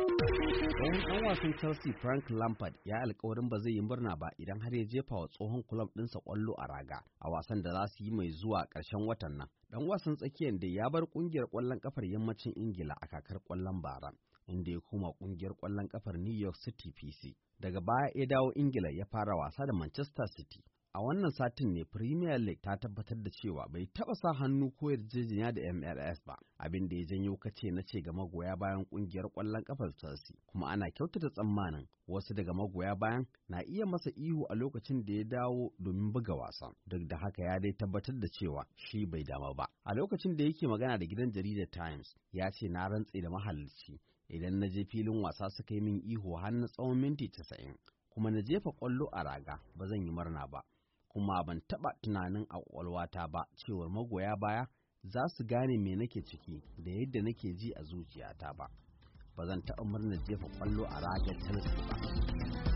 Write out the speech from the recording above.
Tsohon wasan Chelsea Frank Lampard ya alkawarin ba zai yi murna ba idan har ya jefa wa tsohon kulob ɗinsa ƙwallo a raga a wasan da za su yi mai zuwa ƙarshen watan nan. ɗan wasan tsakiyar da ya bar ƙungiyar ƙwallon ƙafar yammacin Ingila a kakar ƙwallon bara, inda ya koma ƙungiyar ƙwallon ƙafar New York City PC. Daga baya ya dawo Ingila ya fara wasa da Manchester City. A wannan satin ne Premier League ta tabbatar da cewa bai taɓa sa hannu ko yarjejeniya da MLS ba, abin da ya janyo kace na ce ga magoya bayan ƙungiyar ƙwallon ƙafar Chelsea, kuma ana kyautata tsammanin wasu daga magoya bayan na iya masa ihu a lokacin da ya dawo domin buga wasa. Duk da haka ya dai tabbatar da cewa shi bai dama ba. A lokacin da yake magana da gidan jaridar Times, ya ce na rantse da mahalarci idan na je filin wasa suka yi min ihu har na tsawon minti 90 kuma na jefa ƙwallo a raga ba zan yi murna ba. kuma ban taɓa tunanin a ƙwaƙwalwata ba cewar magoya baya za su gane me nake ciki da yadda nake ji a zuciyata ba ba zan taɓa murnar jefa ƙwallo a ragar tennis ba